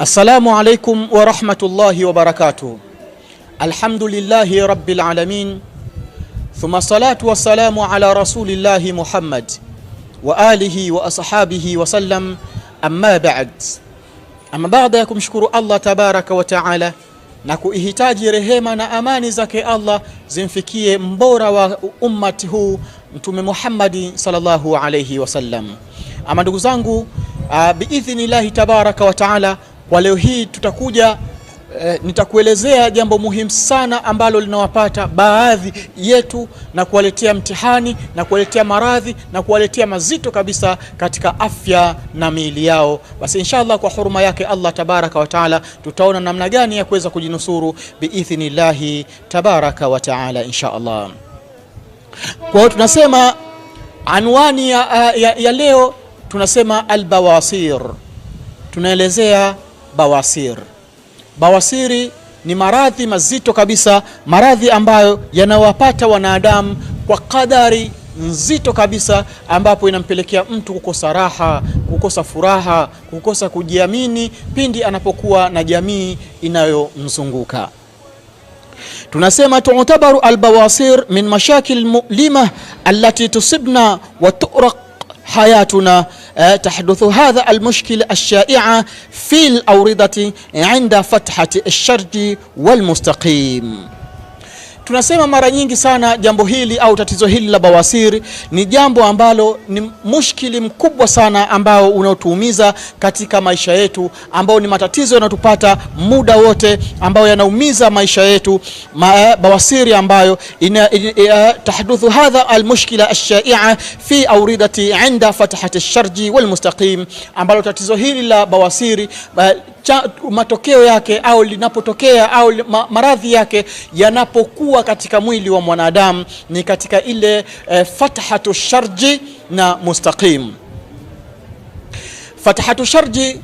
Assalamu alaikum wa rahmatullahi wa barakatuh. Alhamdulillahi rabbil alamin thumma salatu wassalamu ala rasulillahi Muhammad wa alihi wa ashabihi wa sallam, amma ba'd. Amma baada ya kumshukuru Allah tabaraka wa taala na kuihitaji rehema na amani zake Allah zimfikie mbora wa ummati huu Mtume Muhammadi sallallahu alayhi wasallam. Ama ndugu zangu, ah, biidhnillahi tabaraka wa taala kwa leo hii tutakuja E, nitakuelezea jambo muhimu sana ambalo linawapata baadhi yetu na kuwaletea mtihani na kuwaletea maradhi na kuwaletea mazito kabisa katika afya na miili yao. Basi inshallah kwa huruma yake Allah tabaraka wa taala tutaona namna gani ya kuweza kujinusuru biidhnillahi tabaraka wa taala insha Allah. Kwa hiyo tunasema anwani ya, ya, ya leo tunasema albawasir, tunaelezea bawasir. Bawasiri ni maradhi mazito kabisa, maradhi ambayo yanawapata wanadamu kwa kadari nzito kabisa, ambapo inampelekea mtu kukosa raha, kukosa furaha, kukosa kujiamini pindi anapokuwa na jamii inayomzunguka. Tunasema tutabaru albawasir min mashakil mulima allati tusibna wa turaq hayatuna أه، تحدث هذا المشكلة الشائعة في الأوردة عند فتحة الشرج والمستقيم Tunasema mara nyingi sana jambo hili au tatizo hili la bawasiri ni jambo ambalo ni mushkili mkubwa sana ambao unaotuumiza katika maisha yetu, ambao ni matatizo yanayotupata muda wote, ambayo yanaumiza maisha yetu ma, eh, bawasiri ambayo ina, ina, ina, eh, tahduthu hadha almushkila ashaia fi auridati inda fatahati alsharji walmustaqim, ambalo tatizo hili la bawasiri ba, eh, cha, matokeo yake au linapotokea au ma, maradhi yake yanapokuwa kuwa katika mwili wa mwanadamu ni katika ile e, eh, fathatu sharji na mustaqim. Fathatu sharji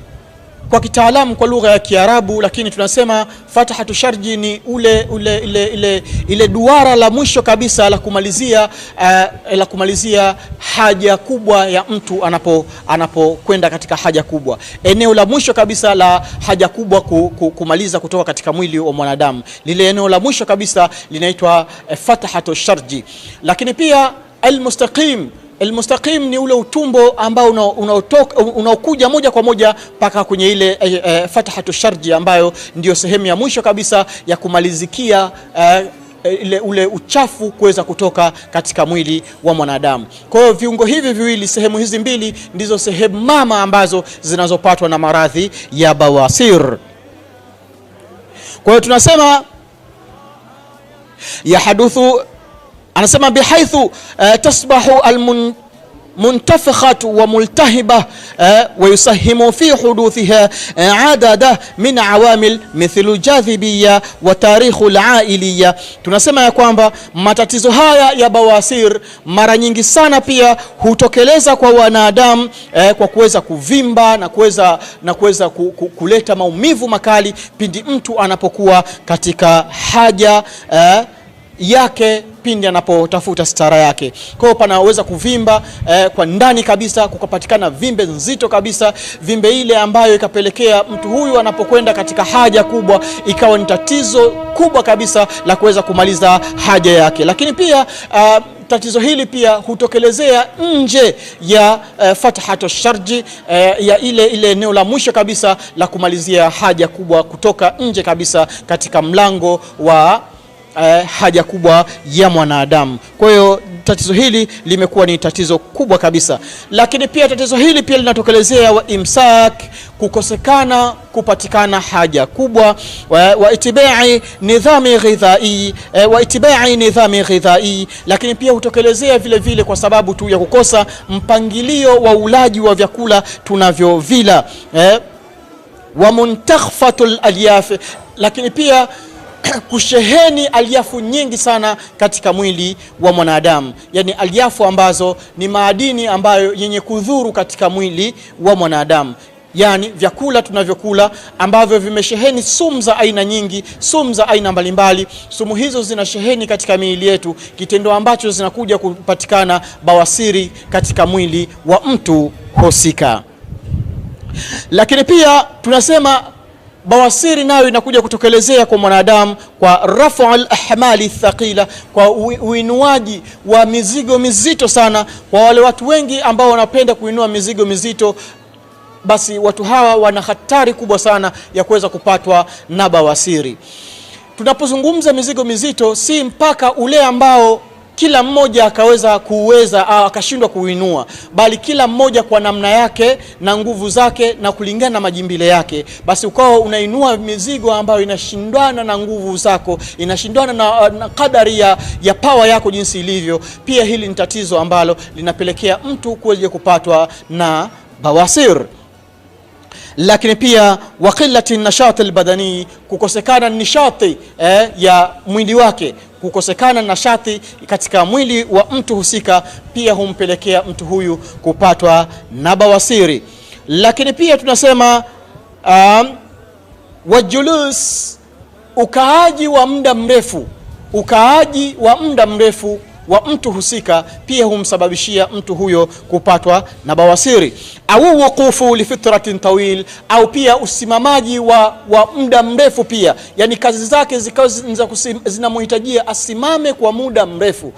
kwa kitaalamu kwa lugha ya Kiarabu, lakini tunasema fatahatu sharji ni ule, ule, ile, ile, ile duara la mwisho kabisa la kumalizia, uh, la kumalizia haja kubwa ya mtu anapo anapokwenda katika haja kubwa, eneo la mwisho kabisa la haja kubwa ku, ku, kumaliza kutoka katika mwili wa mwanadamu. Lile eneo la mwisho kabisa linaitwa eh, fatahatu sharji, lakini pia almustaqim Almustaqim ni ule utumbo ambao unaotoka unaokuja moja kwa moja mpaka kwenye ile e, e, fathatu sharji ambayo ndiyo sehemu ya mwisho kabisa ya kumalizikia e, ile ule uchafu kuweza kutoka katika mwili wa mwanadamu. Kwa hiyo viungo hivi viwili, sehemu hizi mbili ndizo sehemu mama ambazo zinazopatwa na maradhi ya bawasir. Kwa hiyo tunasema yahaduthu anasema bihaithu eh, tasbahu almuntafakhatu wa multahiba eh, wa yusahimu fi huduthiha eh, adada min awamil mithlu jadhibiya wa tarikhu alailiya. Tunasema ya kwamba matatizo haya ya bawasir mara nyingi sana pia hutokeleza kwa wanadamu eh, kwa kuweza kuvimba na kuweza na kuweza ku, ku, kuleta maumivu makali pindi mtu anapokuwa katika haja eh, yake pindi anapotafuta stara yake. Kwa hiyo panaweza kuvimba eh, kwa ndani kabisa, kukapatikana vimbe nzito kabisa, vimbe ile ambayo ikapelekea mtu huyu anapokwenda katika haja kubwa ikawa ni tatizo kubwa kabisa la kuweza kumaliza haja yake, lakini pia uh, tatizo hili pia hutokelezea nje ya uh, eh, fathatu sharji uh, ya ile ile eneo la mwisho kabisa la kumalizia haja kubwa kutoka nje kabisa katika mlango wa eh, haja kubwa ya mwanadamu. Kwa hiyo tatizo hili limekuwa ni tatizo kubwa kabisa, lakini pia tatizo hili pia linatokelezea wa imsak, kukosekana kupatikana haja kubwa wa, eh, wa itibai nidhami ghidhai e, wa itibai nidhami ghidhai, lakini pia hutokelezea vile vile kwa sababu tu ya kukosa mpangilio wa ulaji wa vyakula tunavyovila e, wa muntakhfatul alyaf, lakini pia kusheheni aliafu nyingi sana katika mwili wa mwanadamu, yani aliafu ambazo ni maadini ambayo yenye kudhuru katika mwili wa mwanadamu yani vyakula tunavyokula ambavyo vimesheheni sumu za aina nyingi, sumu za aina mbalimbali. Sumu hizo zinasheheni katika miili yetu, kitendo ambacho zinakuja kupatikana bawasiri katika mwili wa mtu husika. Lakini pia tunasema bawasiri nayo inakuja kutokelezea kwa mwanadamu kwa rafu alahmali thaqila, kwa uinuaji wa mizigo mizito sana. Kwa wale watu wengi ambao wanapenda kuinua mizigo mizito, basi watu hawa wana hatari kubwa sana ya kuweza kupatwa na bawasiri. Tunapozungumza mizigo mizito, si mpaka ule ambao kila mmoja akaweza kuuweza akashindwa kuinua bali kila mmoja kwa namna yake na nguvu zake na kulingana na majimbile yake, basi ukawa unainua mizigo ambayo inashindana na nguvu zako, inashindana na, na kadari ya, ya pawa yako jinsi ilivyo. Pia hili ni tatizo ambalo linapelekea mtu kuweje kupatwa na bawasir lakini pia wa qillati nashati albadani, kukosekana nishati eh, ya mwili wake kukosekana na shati katika mwili wa mtu husika pia humpelekea mtu huyu kupatwa na bawasiri. Lakini pia tunasema um, wajulus, ukaaji wa muda mrefu, ukaaji wa muda mrefu wa mtu husika pia humsababishia mtu huyo kupatwa na bawasiri. Au wuqufu lifitratin tawil, au pia usimamaji wa, wa muda mrefu pia, yani kazi zake zikawa zinamhitajia asimame kwa muda mrefu.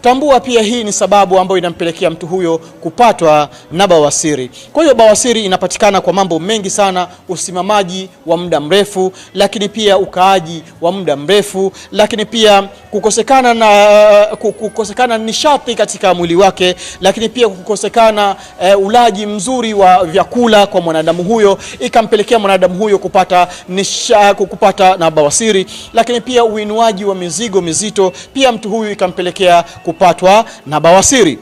Tambua pia hii ni sababu ambayo inampelekea mtu huyo kupatwa na bawasiri. Kwa hiyo bawasiri inapatikana kwa mambo mengi sana, usimamaji wa muda mrefu, lakini pia ukaaji wa muda mrefu, lakini pia kukosekana na uh, kukosekana nishati katika mwili wake, lakini pia kukosekana e, ulaji mzuri wa vyakula kwa mwanadamu huyo, ikampelekea mwanadamu huyo kupata nisha, kupata na bawasiri, lakini pia uinuaji wa mizigo mizito, pia mtu huyu ikampelekea kupatwa na bawasiri.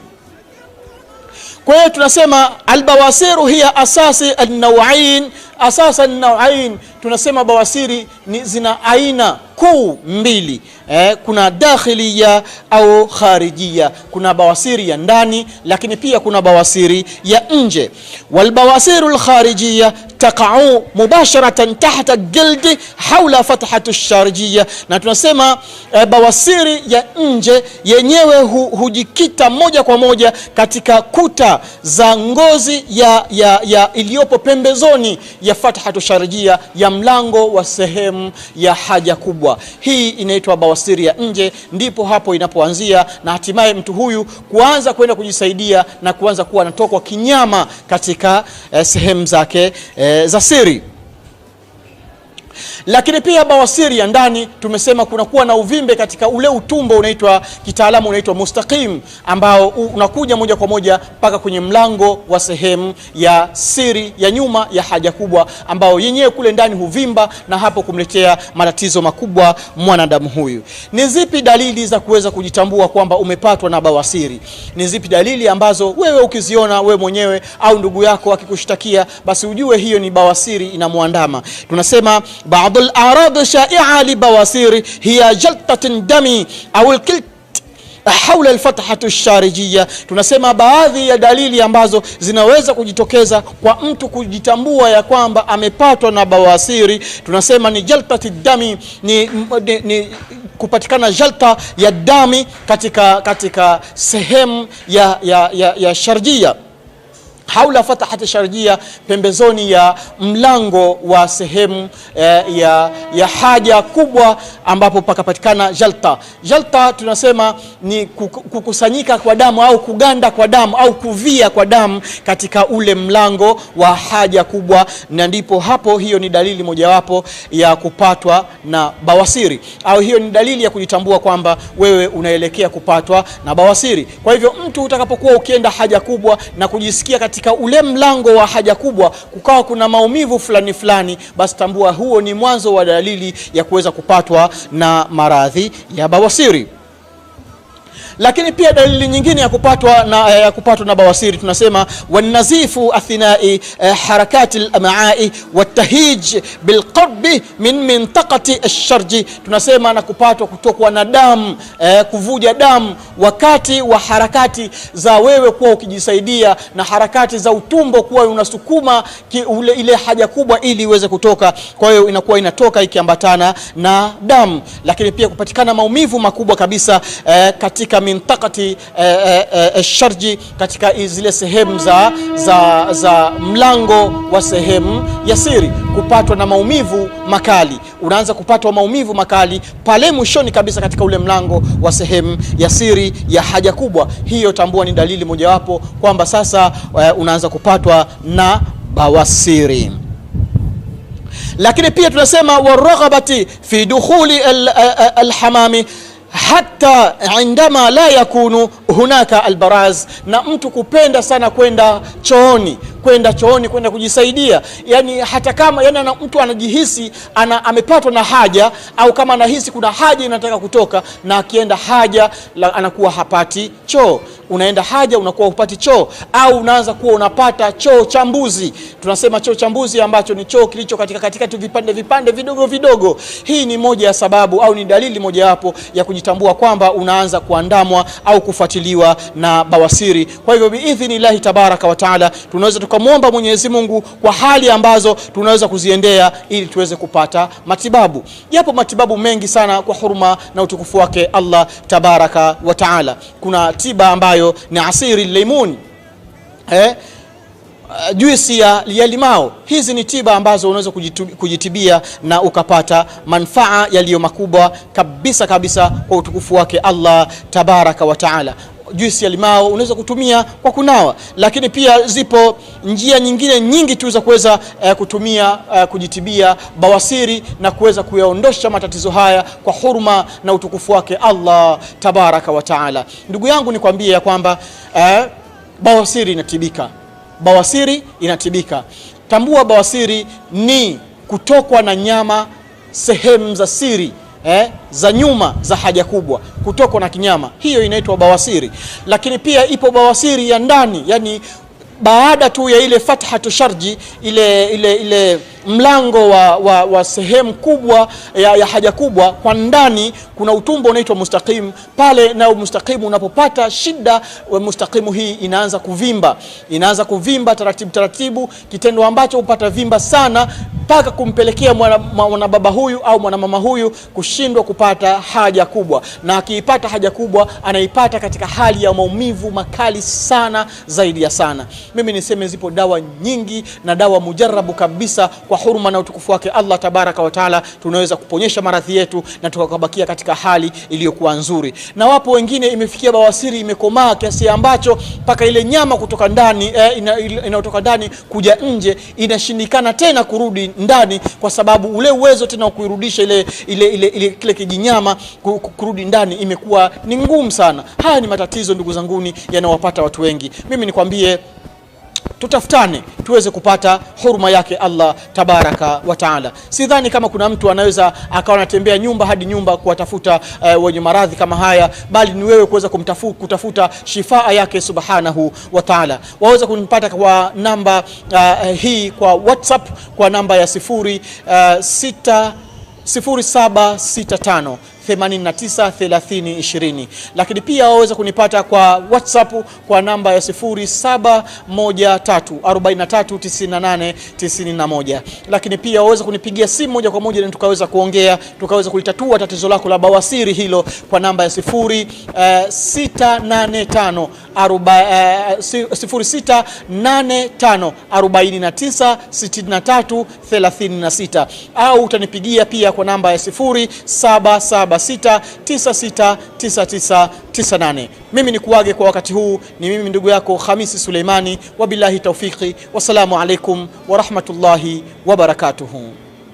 Kwa hiyo tunasema albawasiru hiya asasi alnawain Asasa nina ain, tunasema bawasiri ni zina aina kuu mbili eh, kuna dakhilia au kharijia. Kuna bawasiri ya ndani, lakini pia kuna bawasiri ya nje. Walbawasiru lkharijia taqau mubasharatan tahta jildi haula fathatu sharjia, na tunasema eh, bawasiri ya nje yenyewe hu, hujikita moja kwa moja katika kuta za ngozi ya, ya, ya iliyopo pembezoni ya ya fatahatu sharjia ya mlango wa sehemu ya haja kubwa. Hii inaitwa bawasiri ya nje, ndipo hapo inapoanzia na hatimaye mtu huyu kuanza kwenda kujisaidia na kuanza kuwa anatokwa kinyama katika eh, sehemu zake eh, za siri. Lakini pia bawasiri ya ndani tumesema kunakuwa na uvimbe katika ule utumbo unaitwa kitaalamu unaitwa mustaqim, ambao unakuja moja kwa moja mpaka kwenye mlango wa sehemu ya siri ya nyuma ya haja kubwa, ambao yenyewe kule ndani huvimba na hapo kumletea matatizo makubwa mwanadamu huyu. Ni zipi dalili za kuweza kujitambua kwamba umepatwa na bawasiri? Ni zipi dalili ambazo wewe ukiziona wewe mwenyewe au ndugu yako akikushtakia, basi ujue hiyo ni bawasiri inamwandama. Tunasema بعض الأعراض شائعة لبواسير هي جلطة الدم أو الكلت haula lfathatu sharijia, tunasema baadhi ya dalili ambazo zinaweza kujitokeza kwa mtu kujitambua ya kwamba amepatwa na bawasiri, tunasema ni jaltati dami, ni, ni, ni kupatikana jalta ya dami katika, katika sehemu ya, ya, ya, ya sharjia haula hata sharjia pembezoni ya mlango wa sehemu eh, ya, ya haja kubwa ambapo pakapatikana jalta. Jalta tunasema ni kukusanyika kwa damu au kuganda kwa damu au kuvia kwa damu katika ule mlango wa haja kubwa, na ndipo hapo, hiyo ni dalili mojawapo ya kupatwa na bawasiri, au hiyo ni dalili ya kujitambua kwamba wewe unaelekea kupatwa na bawasiri. Kwa hivyo mtu utakapokuwa ukienda haja kubwa na kujisikia katika katika ule mlango wa haja kubwa kukawa kuna maumivu fulani fulani, basi tambua huo ni mwanzo wa dalili ya kuweza kupatwa na maradhi ya bawasiri. Lakini pia dalili nyingine ya kupatwa na, eh, ya kupatwa na bawasiri tunasema wanazifu athinai eh, harakati al-am'ai watahij bilqarbi min mintaqati sharji tunasema na kupatwa kutokwa na damu eh, kuvuja damu wakati wa harakati za wewe kuwa ukijisaidia na harakati za utumbo kuwa unasukuma ule, ile haja kubwa ili iweze kutoka. Kwa hiyo inakuwa inatoka ikiambatana na damu, lakini pia kupatikana maumivu makubwa kabisa eh, katika mintakati e, e, sharji, katika zile sehemu za, za, za mlango wa sehemu ya siri, kupatwa na maumivu makali. Unaanza kupatwa maumivu makali pale mwishoni kabisa katika ule mlango wa sehemu ya siri ya haja kubwa. Hiyo tambua ni dalili mojawapo kwamba sasa e, unaanza kupatwa na bawasiri lakini pia tunasema waraghabati fi dukhuli alhamami al, al, al hatta indama la yakunu hunaka albaraz, na mtu kupenda sana kwenda chooni kwenda chooni, kwenda kujisaidia, yani hata kama yani ana, mtu anajihisi ana, amepatwa na haja au kama anahisi kuna haja inataka kutoka, na akienda haja la, anakuwa hapati choo. Unaenda haja unakuwa upati choo, au unaanza kuwa unapata choo cha mbuzi. Tunasema choo cha mbuzi ambacho ni choo kilicho katika katikati vipande vipande vidogo vidogo. Hii ni moja ya sababu au ni dalili mojawapo ya kujitambua kwamba unaanza kuandamwa au kufuatiliwa na bawasiri. Kwa hivyo biidhnillahi tabaraka wa taala tunaweza tukamwomba Mwenyezi Mungu kwa hali ambazo tunaweza kuziendea ili tuweze kupata matibabu, yapo matibabu mengi sana kwa huruma na utukufu wake Allah tabaraka wa taala. Kuna tiba ambayo ni asiri limuni eh? Uh, juisi ya, ya limao. Hizi ni tiba ambazo unaweza kujitibia na ukapata manfaa yaliyo makubwa kabisa kabisa kwa utukufu wake Allah tabaraka wa taala juisi ya limao unaweza kutumia kwa kunawa, lakini pia zipo njia nyingine nyingi tu za kuweza eh, kutumia eh, kujitibia bawasiri na kuweza kuyaondosha matatizo haya kwa huruma na utukufu wake Allah tabaraka wa taala. Ndugu yangu, nikwambie ya kwamba eh, bawasiri inatibika, bawasiri inatibika. Tambua bawasiri ni kutokwa na nyama sehemu za siri eh, za nyuma za haja kubwa, kutokwa na kinyama, hiyo inaitwa bawasiri. Lakini pia ipo bawasiri ya ndani, yani baada tu ya ile fathatu sharji ile, ile, ile mlango wa, wa, wa sehemu kubwa ya, ya haja kubwa kwa ndani, kuna utumbo unaitwa mustaqim pale, na mustaqimu unapopata shida, mustaqimu hii inaanza kuvimba, inaanza kuvimba taratibu taratibu, kitendo ambacho hupata vimba sana mpaka kumpelekea mwanababa huyu au mwanamama huyu kushindwa kupata haja kubwa, na akiipata haja kubwa anaipata katika hali ya maumivu makali sana zaidi ya sana mimi niseme zipo dawa nyingi na dawa mujarabu kabisa, kwa huruma na utukufu wake Allah tabaraka wa taala, tunaweza kuponyesha maradhi yetu na tukabakia katika hali iliyokuwa nzuri. Na wapo wengine imefikia bawasiri imekomaa kiasi ambacho mpaka ile nyama kutoka ndani eh, inayotoka ina ndani kuja nje inashindikana tena kurudi ndani, kwa sababu ule uwezo tena wa kuirudisha ile, ile, ile, ile kile kijinyama kurudi ndani imekuwa ni ngumu sana. Haya ni matatizo ndugu zanguni, yanawapata watu wengi. Mimi nikwambie tutafutane tuweze kupata huruma yake Allah tabaraka wa taala. Sidhani kama kuna mtu anaweza akawa anatembea nyumba hadi nyumba kuwatafuta uh, wenye maradhi kama haya, bali ni wewe kuweza kumtafu, kutafuta shifaa yake subhanahu wa taala. Waweza kunipata kwa namba uh, hii kwa WhatsApp kwa namba ya sifuri uh, sita sifuri saba sita tano 89 lakini pia waweza kunipata kwa WhatsApp kwa namba ya 0713439891, lakini pia waweza kunipigia simu moja kwa moja na tukaweza kuongea tukaweza kulitatua tatizo lako la bawasiri hilo kwa namba ya 0685 0685 63 36 au utanipigia pia kwa namba ya 0769699998. Mimi ni kuage kwa wakati huu, ni mimi ndugu yako Hamisi Suleimani, wabillahi taufiki, wassalamu alaikum warahmatullahi wabarakatuhu.